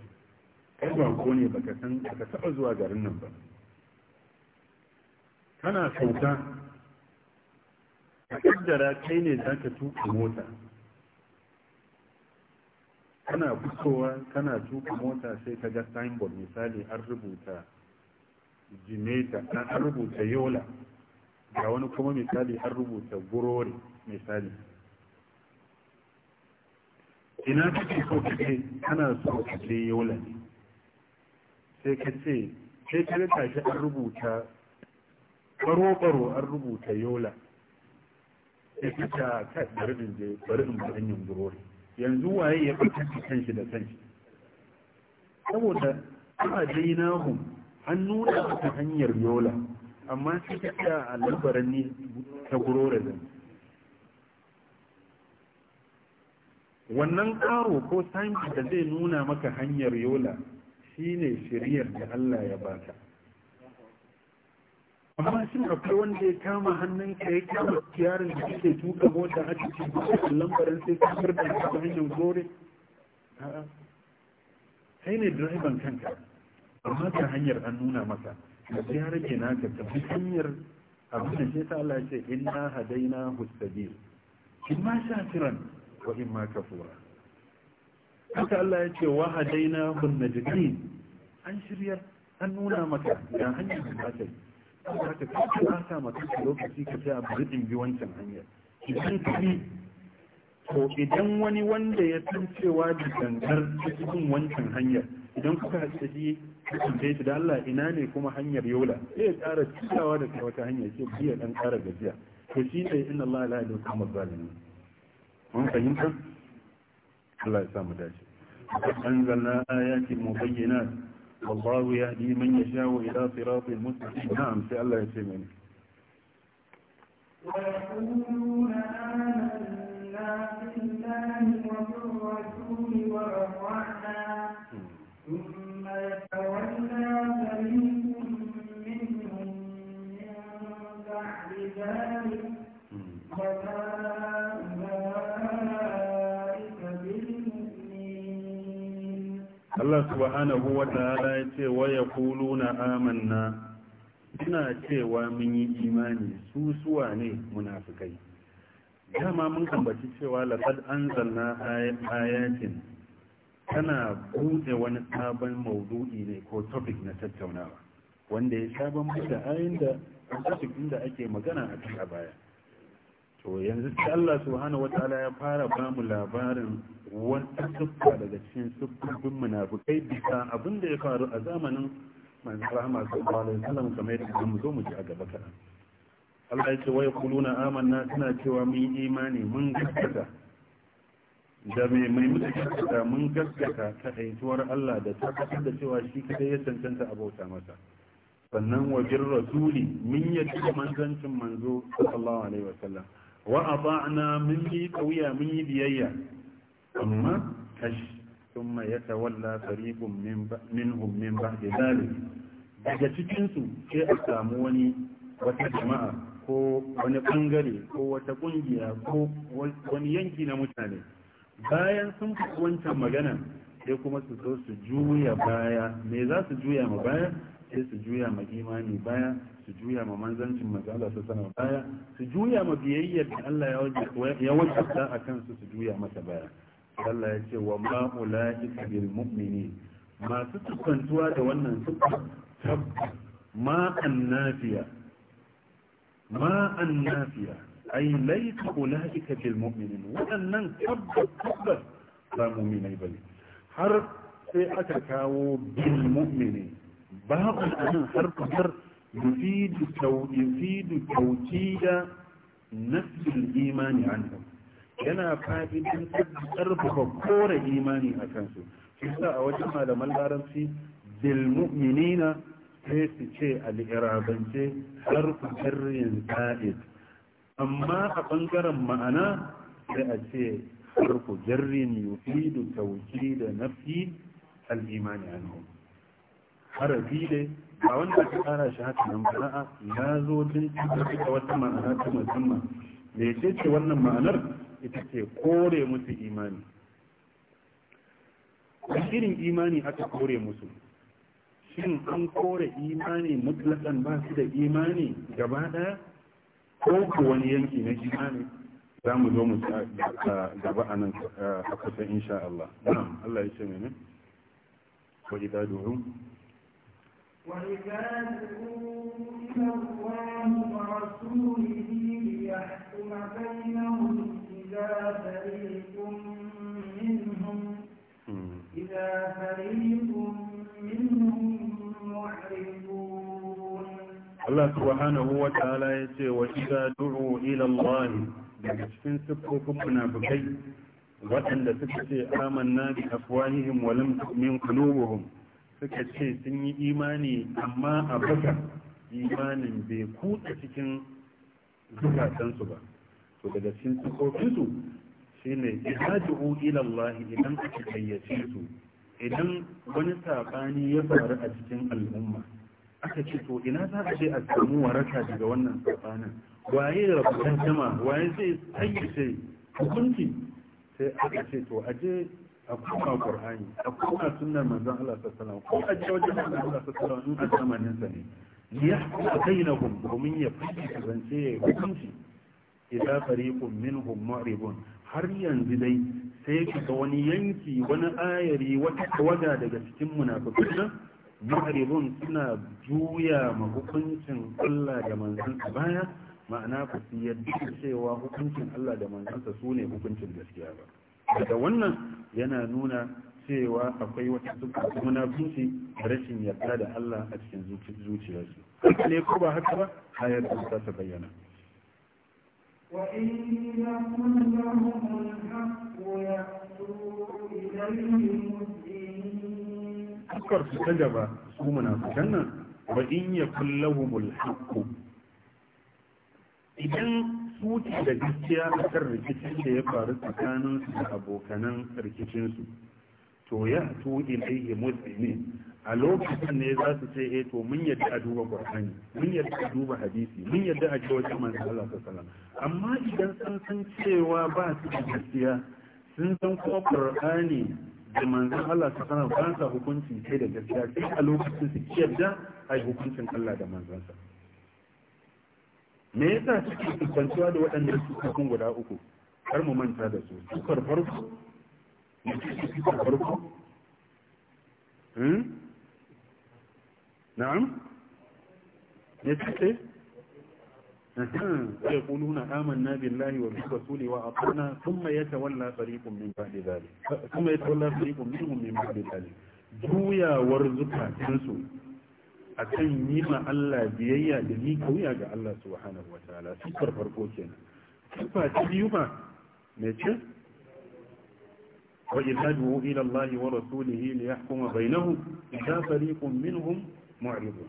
kai ba ko ne baka san ka taba zuwa garin nan ba kana sauka a kaddara kai ne za ka tuka mota kana fitowa kana tuka mota sai ka ga signboard misali an rubuta jimeta an rubuta yola ga wani kuma misali an rubuta gurori misali ina kake so ka kai kana so ka je yola ne sai ka ce sai ka rika shi an rubuta baro-baro an rubuta yola sai ka ta ah, ta bari je bari in bari yin burori yanzu waye ya fitar kanshi da kanshi saboda ana dainahum an nuna ta hanyar yola amma sai ah, ta tsaya a lambaran ne ta gurore zan wannan karo ko sanki da zai nuna maka hanyar yola shine shiryar da Allah ya baka amma shin akwai wanda ya kama hannun ka ya kama tiyarin da suke tuka mota a cikin lambarin sai ka da ta hanyar gore sai ne direban kanka amma ta hanyar an nuna maka da ya na, naka tafi hanyar abin da shi ta Allah ce ce inna hadaina hustabil in ma shakiran wa imma kafura haka Allah ya ce wa hadaina hun najidin an shirya an nuna maka ga hanyar da za ta yi haka ka ci asa maka lokaci ka ce a bari in bi wancan hanyar idan ka bi to idan wani wanda ya san cewa da gangar cikin wancan hanyar idan kuka haɗe shi kasance shi da Allah ina ne kuma hanyar yola sai ya ƙara cikawa da wata hanyar ce biya ɗan ƙara gajiya to shi ne inna Allah la ilaha illa huwa zalimin ونفهم الله يسامى أنزلنا آيات مبينات والله يهدي من يشاء إلى صراط المستقيم نعم سأل الله يسلمك. ويقولون آمنا بالله وبالرسول ورفعنا ثم يتولى فريق منهم من بعد ذلك Allah subhanahu wa ta'ala ya ce wa yaquluna amanna suna cewa mun yi imani su suwa ne munafikai dama mun kambaci cewa laqad anzalna ayatin tana buɗe wani sabon maudu'i ne ko topic na tattaunawa wanda ya sabon da ayin da topic din da ake magana a cikin baya to yanzu sai Allah subhanahu wataala ya fara ba mu labarin wata siffa daga cikin siffofin munafikai bisa abin da ya faru a zamanin manzon rahama sallallahu alaihi wasallam kamar yadda mu zo mu ji a gaba kana Allah ya ce wai kuluna amanna suna cewa mun imani mun gaskata da mai mai gaskata mun gaskata ta haituwar Allah da kasar da cewa shi kadai ya cancanta a bauta masa sannan wajen rasuli mun yadda manzancin manzo sallallahu alaihi wasallam wa ata'na mun yi kauya mun yi biyayya amma kash thumma yatawalla fariqun min minhum min ba'di dhalik daga cikin su sai a samu wani wata jama'a ko wani bangare ko wata kungiya ko wani yanki na mutane bayan sun fi wancan magana sai kuma su so su juya baya me za su juya ma baya sai su juya ma imani baya su juya ma manzancin manzala su sana baya su juya ma biyayyar da Allah ya wajabta a kansu su juya masa baya Allah ya ce wa ma'ula'ika bil mu'minin masu tukantuwa da wannan suka ma'an nafiya ma'an nafiya ai laita ula'ika bil mu'minin waɗannan tabbas tabbas ba mu'minai bane har sai aka kawo bil mu'minin babu anan har kamar yufidu tauki da nafsul imani anhum yana fa'idan ƙarfafa kore imani a kansu kisa a wajen malaman larabci bil mu'minina sai su ce al'irabance harfu jarrin sa'id amma a ɓangaren ma'ana sai a ce harfu jarrin yufidu tauki da nafi al'imani anhu harafi dai A wanda aka tsara shi haka nan ba a ya zo din tabbatar wata ma'ana ta musamman me ya ce wannan ma'anar ita ce kore musu imani irin imani aka kore musu shin an kore imani mutlaƙan ba su da imani gaba ɗaya? ko ku wani yanki na imani za mu zo mu gaba a nan a kusa insha Allah. Allah ya ce mene? Wa وعباده إلى الله ورسوله ليحكم بينهم إذا فريق منهم إذا منهم الله سبحانه وتعالى وإذا دعوا إلى الله daga cikin siffofin munafukai waɗanda suka ce amanna bi afwahihim wa lam tu'min qulubuhum suka ce sun yi imani amma a baka imanin bai kuta cikin zukatansu ba to daga cikin tsofinsu shi ne ihaju ila Allah idan aka gayyace su idan wani sabani ya faru a cikin al'umma aka ce to ina za a je a samu waraka daga wannan sabanin waye rabutan jama waye zai tsayyace hukunci sai aka ce to aje a kuma qur'ani a kuma sunan manzon Allah sallallahu ko a je wajen manzon Allah sallallahu alaihi wasallam in a zamanin sa ne liyahkum bainahum domin ya fice zance ya hukunci idan fariqun minhum mu'ribun har yanzu dai sai kaga wani yanki wani ayari wata tawada daga cikin munafiqun nan mu'ribun suna juya ma hukuncin Allah da manzon sa baya ma'ana ku yadda cewa hukuncin Allah da manzon su ne hukuncin gaskiya ba daga wannan yana nuna cewa akwai wata zuciya munafunci da rashin yarda da Allah a cikin zuciyarsu haka ne ko ba haka ba ayar da za ta bayyana Akwar su ta gaba su munafukan nan wa in ya kullahumul haqqu idan tuti da gaskiya a kan rikicin da ya faru tsakaninsu da abokanan rikicinsu to ya tu ilaihi muslimi a lokacin ne za su ce eh to mun yadda a duba qur'ani mun yadda a duba hadisi mun yadda a ji wajen manzo Allah sallallahu amma idan sun san cewa ba su da gaskiya sun san kuma qur'ani da manzo Allah sallallahu alaihi wasallam ba sa hukunci sai da gaskiya sai a lokacin su yadda yi hukuncin Allah da manzansa me yasa suke kusantuwa da waɗannan cututtukan guda uku har mu manta da su cutar farko mutum cutar farko hmm? na'am ya ce ya kulu na amanna billahi wa bi rasuli wa aqana thumma yatawalla fariqun min ba'di dhalik thumma yatawalla fariqun minhum min ba'di dhalik juyawar zukatansu a kan yi ma Allah biyayya da ni kauya ga Allah subhanahu wa ta'ala sifar farko kenan sifa ta biyu ma me ce wa idadu ila Allah wa rasulihi li yahkuma bainahum idza fariqun minhum mu'ridun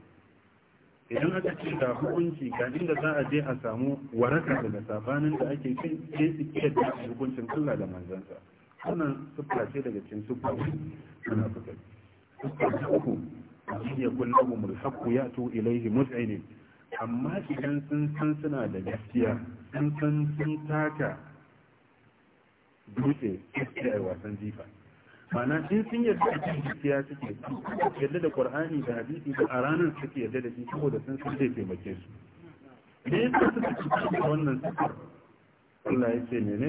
idan aka ce ga hukunci ga inda za a je a samu waraka daga sabanin da ake kai sai su ke da hukuncin Allah da manzansa wannan sifa ce daga cikin sifofi muna fitar sifa ta uku in yakun lahum alhaqqu ya'tu ilayhi muz'inin amma idan sun san suna da gaskiya sun san sun taka dutse sai ai wasan jifa mana in sun yarda da kan gaskiya suke yadda da qur'ani da hadisi da a ranar suke yadda da shi saboda sun san zai taimake su me yasa suka ci da wannan sukar Allah ya ce menene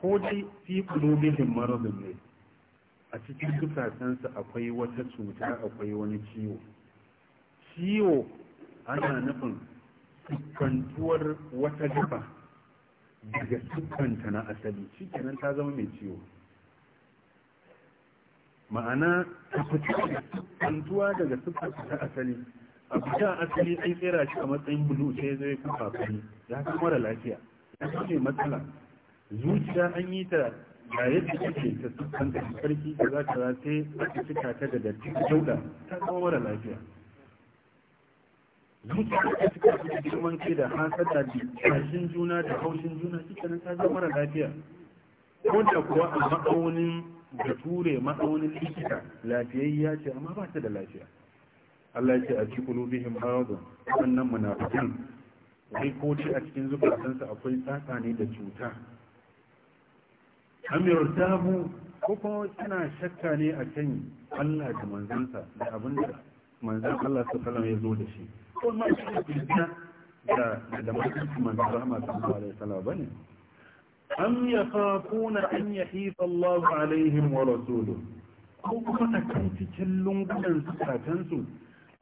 ko dai fi qulubihim maradun ne a cikin zukatansu akwai wata cuta akwai wani ciwo ciwo ana nufin sukkantuwar wata gaba daga sukkanta na asali cikin ta zama mai ciwo ma'ana ta daga sukkanta ta asali a fita asali sai tsira shi a matsayin bulu sai zai kafa fari ya kama lafiya ya kama matsala zuciya an yi ta ga yadda kake ta sukan da farki da za ka sai aka cika ta da datti jauda ta zama mara lafiya zuciya aka cika ta da girman da hasada da kashin juna da haushin juna ita nan ta zama mara lafiya ko da kuwa a ma'aunin da ture ma'aunin likita lafiyayya ce amma ba ta da lafiya Allah ya ce a cikin rubihim maradun wannan munafikin wai ko ce a cikin zukatansa akwai tsatsa ne da cuta am yartabu ko kuma suna shakka ne a can Allah da manzansa da abin da manzan Allah su kalam ya zo da shi ko ma shi ne da da mutum manzan rahama sallallahu alaihi wasallam bane am yakhafuna an yahifa Allah alaihim wa rasuluhu ko kuma a kan cikin lungunan su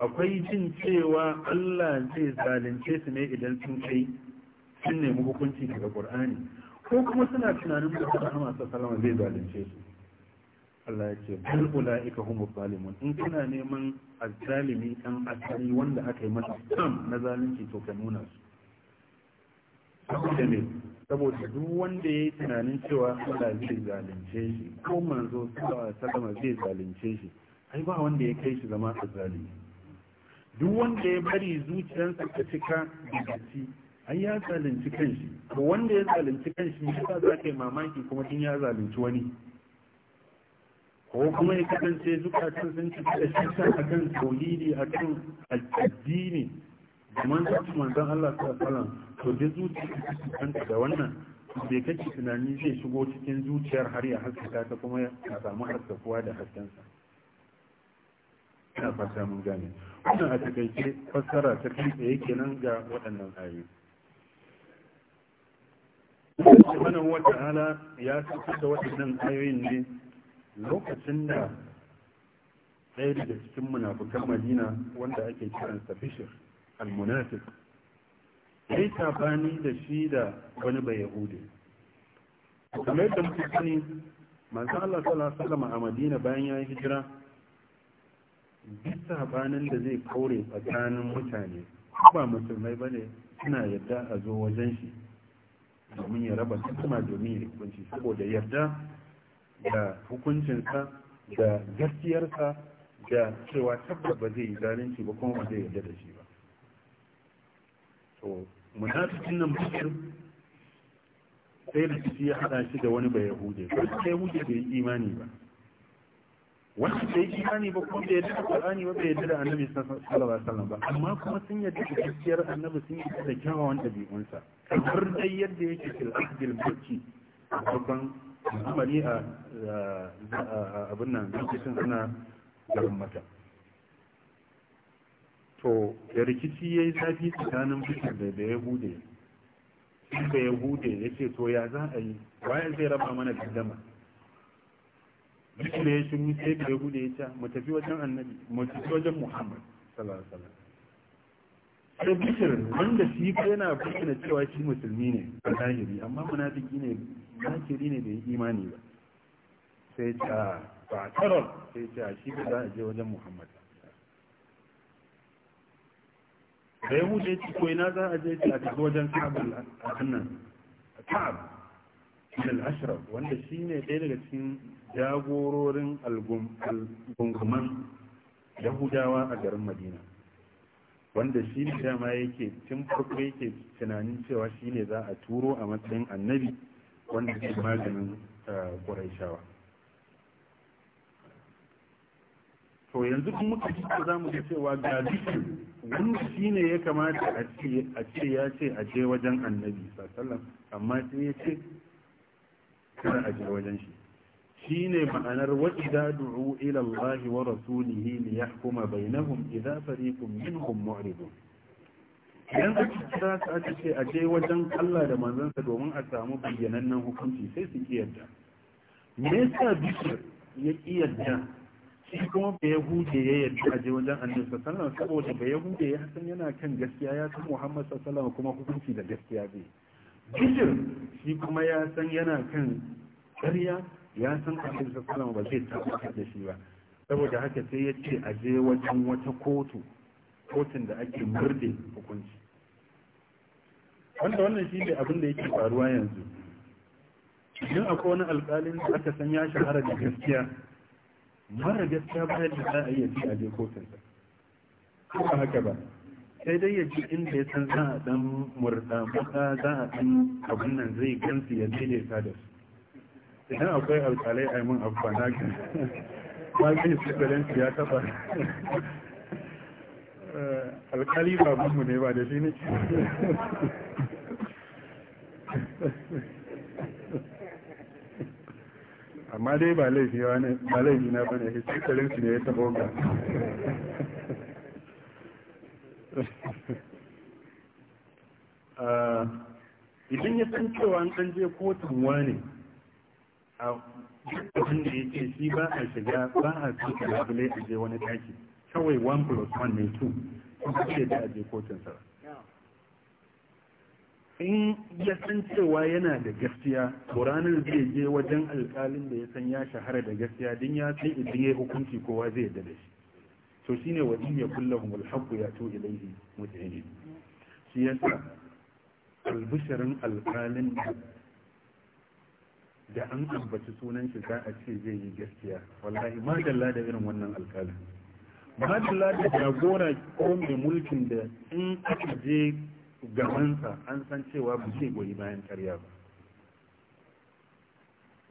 akwai jin cewa Allah zai zalunce su ne idan sun kai sun nemi hukunci daga Qur'ani ko kuma suna tunanin da kuma Muhammad sallallahu zai zalunce su Allah ya ce bal ulaika humu zalimun in kuna neman azzalimi dan asali wanda aka yi masa sam na zalunci to ka nuna su saboda ne saboda duk wanda ya yi tunanin cewa Allah zai zalunce shi ko manzo sallallahu zai zalunce shi ai ba wanda ya kai shi zama azzalimi duk wanda ya bari zuciyarsa ta cika da gaci ai ya zalunci kanshi Ko wanda ya zalunci kanshi yasa za ka yi mamaki kuma tun ya zalunci wani ko kuma ya kasance zukatun sun ci da shi a kan akan a kan addini kamar da manzan Allah ta salam to da zuciya da wannan bai kake tunani zai shigo cikin zuciyar har ya haskaka ta kuma ya samu haskakuwa da haskensa ina fata mun gane wannan a takaice fassara ta kai tsaye kenan ga waɗannan ayoyi subhanahu wata ala ya saka da waɗannan ayoyin ne lokacin da ɗaya daga cikin munafukan madina wanda ake kiransa bishir al-munafiq yayi da shi da wani bai yahudi kamar yadda muke sani masu Allah sallallahu a Madina bayan ya yi hijira duk sabanin da zai kore tsakanin mutane ba musulmai bane suna yadda a zo wajen shi domin ya raba hikima domin ya hukunci saboda yarda da hukuncinsa da gaskiyarsa da cewa tabbas ba zai yi zalunci ba kuma ba zai yarda da shi ba to munafikin nan bashir sai da shi ya haɗa shi da wani bai yahude ba sai yahude bai imani ba wanda bai yi imani ba kuma bai yadda da Qur'ani ba bai yadda da Annabi sallallahu alaihi wasallam ba amma kuma sun yadda da gaskiyar Annabi sun yadda da kyawawan dabi'unsa kamar dai yadda yake fil ahdil mulki babban amali a abin nan lokacin suna garin mata to da rikici ya yi zafi tsakanin bikin da yahude sai da yahude ya ce to ya za a yi waye zai raba mana gaddama duk da ya shiru sai da ya bude ya ce mu tafi wajen annabi mu tafi wajen muhammad sallallahu alaihi wasallam sai bishir wanda shi ko yana bayyana cewa shi musulmi ne a zahiri amma munafiki ne zahiri ne bai imani ba sai ta ah, ba tarol sai ta ah, shi ba za a je wajen muhammad da ya huce ci ko ina za a je ta tafi wajen ka'abul a nan ka'ab al ashraf wanda shi ne ɗaya daga cikin jagororin algungumman yahudawa a garin madina wanda shi ne dama yake tun farko yake tunanin cewa shi ne za a turo a matsayin annabi wanda ke maganin ƙuraishawa to yanzu kuma muka ji za mu ga cewa ga dukkan wanda shi ne ya kamata a ce ya ce a je wajen annabi sallallahu amma sai ya ce kada a je wajen shi Shi ne ma'anar wa idza du'u ila Allah wa rasulihi li yahkuma bainahum idza fariqun minhum mu'ridun idan aka kira su aka ce a je wajen Allah da manzansa domin a samu bayyanannen hukunci sai su kiyarda me sa bishir ya kiyarda shi kuma bai yahude ya yarda a je wajen annabi sallallahu saboda bai yahude ya san yana kan gaskiya ya san Muhammad sallallahu kuma hukunci da gaskiya bai bishir shi kuma ya san yana kan ƙarya ya san abin da ba zai tabbatar da shi ba saboda haka sai ya ce a je wajen wata kotu kotun da ake murde hukunci wanda wannan shi ne abin da yake faruwa yanzu idan akwai wani alƙalin da aka san ya shahara da gaskiya mara gaskiya ba yadda za a iya ce a je kotunsa ko ba haka ba sai dai ya ji inda ya san za a dan murɗa za a dan abin nan zai gansu ya daidaita da su idan akwai alkalai a yi mun amfana zai magani sikalensu ya taba eh, alkali mu ne ba da shi ne amma dai ba laifi ba laifi na bane ya sikalensu ne ya taba ga eh, idan ya san cewa an ɗanje kotun wane a wanda ya ce shi ba a shiga ba a suka labule a je wani taki kawai 1 plus 1 ne 2 kuma ce da aje kotun sa in ya san cewa yana da gaskiya to ranar zai je wajen alkalin da ya san ya shahara da gaskiya din ya sai idan ya hukunci kowa zai yarda da shi to shine wajin ya kullahum alhaqu ya tu ilaihi mutane. shi yasa albisharin da an ambaci sunan shi za a ce zai yi gaskiya wallahi madalla da irin wannan alƙalin madalla da jagora ko mai mulkin da in aka je gamansa an san cewa ba zai goyi bayan karya ba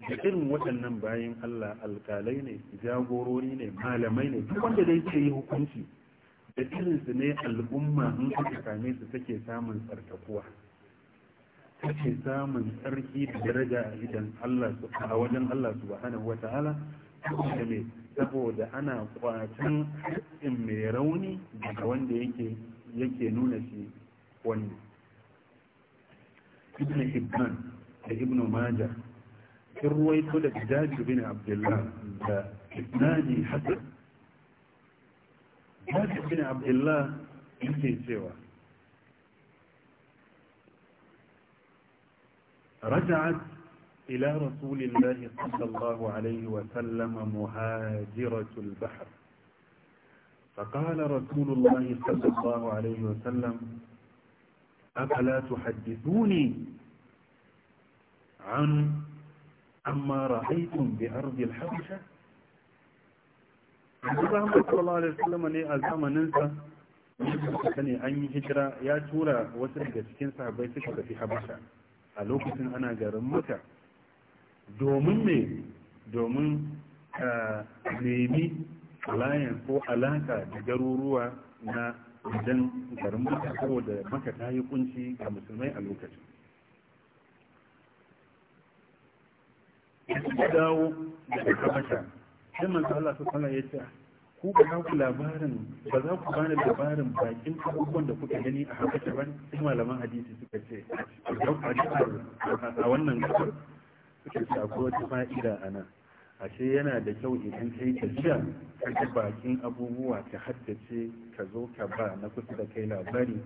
da irin waɗannan bayan Allah alƙalai ne jagorori ne malamai ne duk wanda dai ke yi hukunci da irinsu ne al'umma in aka same su take samun tsarkakuwa kake samun tsarki da daraja a idan Allah a wajen Allah subhanahu wata'ala saboda me saboda ana kwacin haƙƙin mai rauni daga wanda yake yake nuna shi wannan ibn hibban da ibn maja sun ruwaito da jabir bin abdullah da isnadi hasan jabir bin abdullah yake cewa رجعت إلى رسول الله صلى الله عليه وسلم مهاجرة البحر فقال رسول الله صلى الله عليه وسلم أفلا تحدثوني عن أما رأيتم بأرض الحبشة Muhammad sallallahu alaihi wasallam ne a zamaninsa ne an yi hijira ya tura wasu daga في حبشة a lokacin ana garin maka domin ne domin ka eh, nemi alliance ko alaka da garuruwa na idan garin maka da maka ta yi kunci ga musulmai a lokacin ya dawo daga kamata, sai manzo Allah su ya ce ku ba ku labarin ba za ku bani labarin bakin abubuwan da kuka gani a haka ba sai malaman hadisi suka ce a wannan kasar suka ce akwai wata fa'ida a nan ashe yana da kyau idan kai tafiya ka ji bakin abubuwa ka haddace ka zo ka ba na kusa da kai labari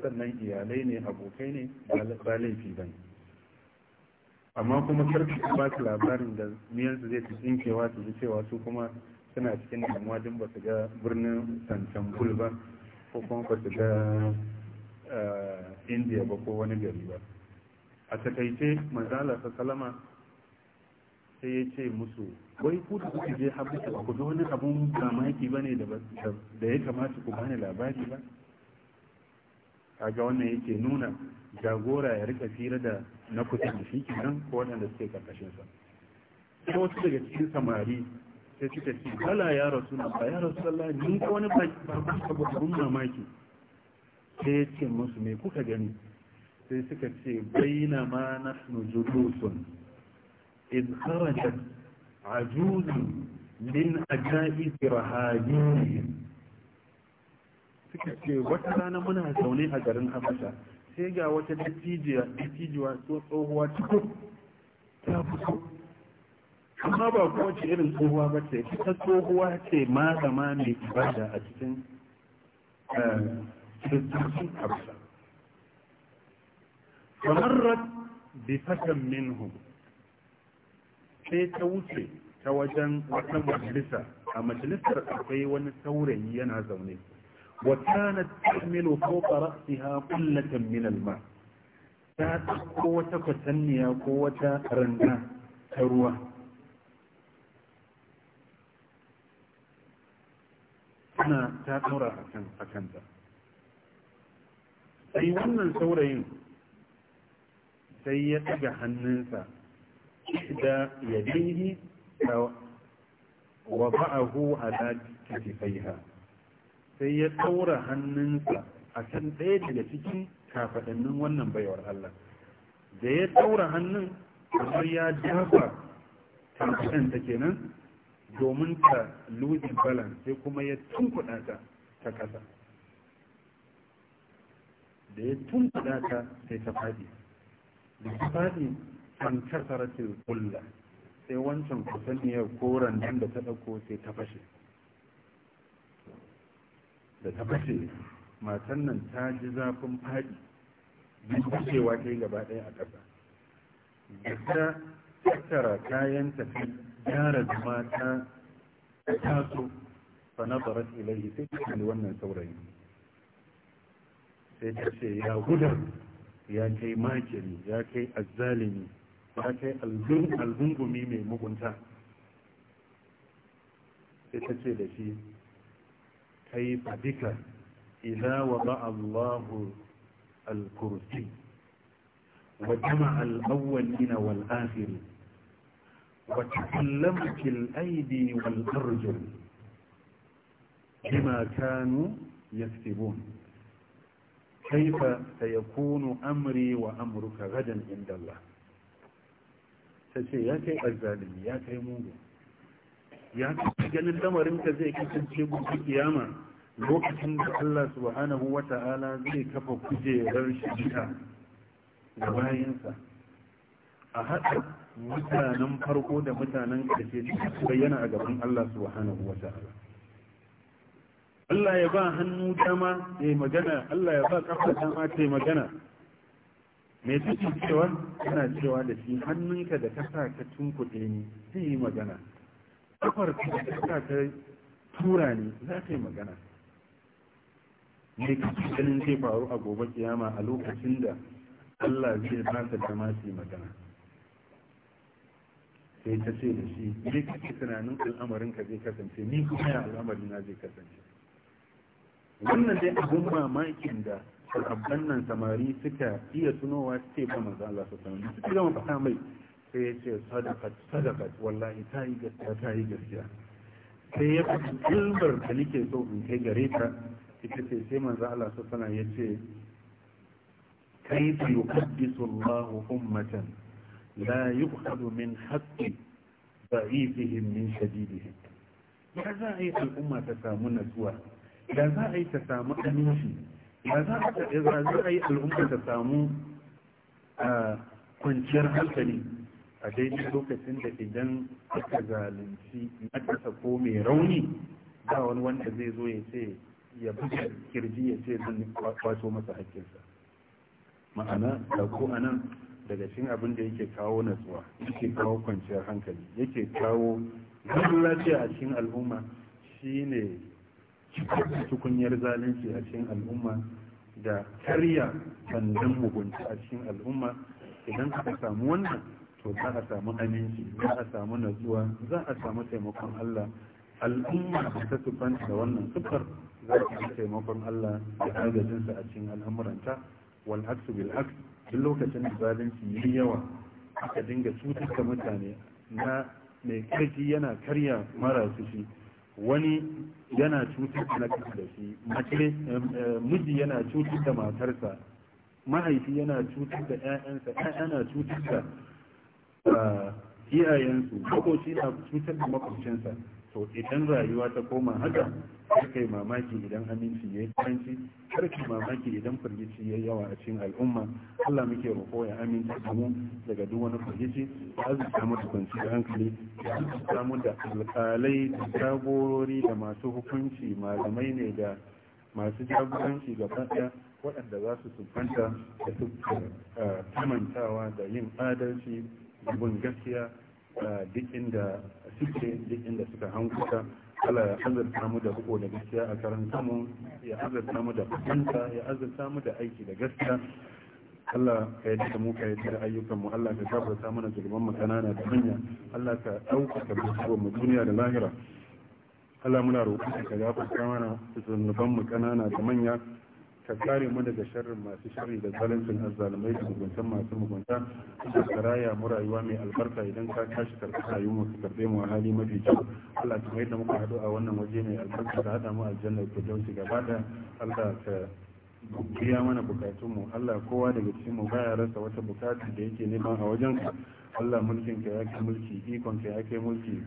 sannan iyalai ne abokai ne ba laifi ba amma kuma karfi ba su labarin da miyansu zai fi tsinkewa su ji cewa su kuma suna cikin damuwa don ba su ga birnin Tantanbul ba ko kuma ba su ga eh, indiya ba ko wani gari ba a takaice manzala ta salama sai ya ce musu wai ku da kuke je habita ba ku ga wani abun mamaki ba ne da ya kamata ku bani labari ba kaga wannan yake nuna jagora ya rika fira da na kusa da shi kenan ko waɗanda suke karkashin sa Ko wasu daga cikin samari sai suka ce bala ya rasu ba ya rasu Allah ni ko wani bakon sabon mamaki sai ya ce musu me kuka gani sai suka ce baina ma nahnu julusun in kharajat ajuzun min ajaiz rahajin suka ce wata rana muna zaune a garin Habasha sai ga wata dattijiya dattijuwa tsohuwa cikin ta fito amma ba kowace irin tsohuwa ba ce ita tsohuwa ce malama mai ibada a cikin kiristocin eh, hausa famarrat bi fatan minhum sai ta wuce ta wajen wata majalisa a majalisar akwai wani saurayi yana zaune na tsammilo ko fawqa ra'siha ha min al-ma ta ko wata kwatanniya ko wata ranga ta ruwa ana ta ɗaura a kanta sai wannan saurayin sai ya ɗaga hannunsa da yadihi wa ba'ahu ala katifaiha sai ya ɗaura hannunsa a kan ɗaya daga cikin kafaɗannin wannan baiwar Allah da ya ɗaura hannun kamar ya dafa kafaɗanta kenan domin ta losing balance sai kuma ya tunkuɗa ta ta ƙasa da ya tunkuɗa ta sai ta faɗi da ta faɗi an ce kulla sai wancan kusaniyar koren nan da ta ɗauko sai ta fashe da ta fashe matan nan ta ji zafin faɗi duk fashewa ta yi gaba ɗaya a ƙasa da ta tattara kayan tafi gyara zama ta taso fa nazarat sai ta kalli wannan saurayi sai ta ce ya guda ya kai makiri ya kai azalini ya kai albungumi mai mugunta sai ta ce da shi kai fadika wa ba Allahu al-kursi wa jama'al awwalina wal-akhirin وتكلمت الأيدي والأرجل بما كانوا يكتبون كيف سيكون أمري وأمرك غدا عند الله تسي ياتي كي ياتي يا ياتي موجو يا انت زي دمرم كزي في قيامة لوقت انت الله سبحانه وتعالى زي كفو كجي kujerar جيها وما ينسى أهدت mutanen farko da mutanen ƙarshe su bayyana a gaban Allah subhanahu wa ta'ala Allah ya ba hannu dama ya magana Allah ya ba kafa dama ta magana mai suke cewa yana cewa da shi hannunka da ka sa ka tunkuɗe ni zai yi magana kafar da ta sa ka tura ni za ta yi magana mai kake ganin zai faru a gobe kiyama a lokacin da Allah zai ba ta dama su yi magana sai ta ce da shi ne kake tunanin al'amarin ka zai kasance ni kuma ya al'amarin na zai kasance wannan dai abun mamakin da sababbin nan samari suka iya tunowa suke ba manzo Allah su su gama fata mai sai ya ce sadaqat sadaqat wallahi ta yi gaskiya ta yi gaskiya sai ya faɗi ilmar da nake so in kai gare ta ita ce sai manzo Allah su sana ya ce kaifa yuqaddisu Allahu ummatan la yuqadu min haqqi da'ifihim min shadidihim ya za a yi al'umma ta samu natsuwa ya za a yi ta samu aminci ya za a yi al'umma ta samu kwanciyar hankali a daidai lokacin da idan aka zalunci aka ko mai rauni ba wani wanda zai zo ya ce ya buga kirji ya ce zan kwato masa hakkinsa ma'ana da ko anan daga cikin abin da yake kawo natsuwa yake kawo kwanciyar hankali yake kawo zaman lafiya a cikin al'umma shine tukunyar zalunci a cikin al'umma da karya sandan mugunta a cikin al'umma idan aka samu wannan to za a samu aminci za a samu natsuwa za a samu taimakon Allah al'umma da ta sufanta da wannan sufar za a samu taimakon Allah da agajinsa a cikin al'amuranta wal aksu bil aksu duk lokacin da zalunci yi yawa aka dinga cutar da mutane na mai karfi yana karya mara shi wani yana cutar da da shi eh, miji yana cutar da matarsa mahaifi yana cutar da 'ya'yansa 'ya'ya na cutar da ah, iyayensu makoci na cutar da makwabcinsa to idan rayuwa ta koma haka kar kai mamaki idan aminci ya yi kwanci kar kai mamaki idan firgici ya yawa a cikin al'umma Allah muke roƙo ya aminta da mu daga duk wani firgici ya azurta mu da hankali ya azurta samu da alƙalai da jagorori da masu hukunci malamai ne da masu jagoranci gaba ɗaya waɗanda za su sufanta da su kamantawa da yin adalci da bin gaskiya duk inda suke duk inda suka hankuta Allah ya azurta mu da riko da gaskiya a karanta mu ya azurta mu da fahimta ya azurta mu da aiki da gaskiya Allah ka da mu ka yi da ayyukanmu Allah ka gafarta mana zulman mu kanana da manya Allah ka ɗaukaka mutuwar mu duniya da lahira Allah muna roƙon ka gafarta mana zulman mu kanana da manya ka kare mu daga sharrin masu sharri da zalincin azzalumai da mugunta masu mugunta da karaya raya mu rayuwa mai albarka idan ka tashi karɓi ayyukan mu karɓe mu a hali mafi kyau Allah ka mai da muka haɗu a wannan waje mai albarka ka haɗa mu aljanna da dauki gaba da Allah ta biya mana bukatunmu Allah kowa daga cikin mu baya rasa wata bukata da yake neman a wajen ka Allah mulkin ka ya kai mulki ikon ka ya kai mulki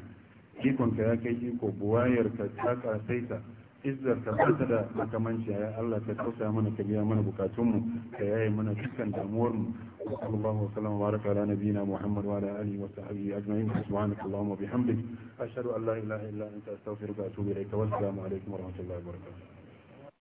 ikon ka ya iko buwayar ka ta kasaita izzar ka bata da makamanci ya Allah ta tausaya mana ka biya mana bukatunmu ka yaye mana dukkan damuwarmu sallallahu alaihi wasallam baraka ala nabiyina muhammad wa ala alihi wa sahbihi ajma'in subhanaka allahumma bihamdik ashhadu an la ilaha illa anta astaghfiruka wa atubu ilayka wa assalamu alaikum wa rahmatullahi wa barakatuh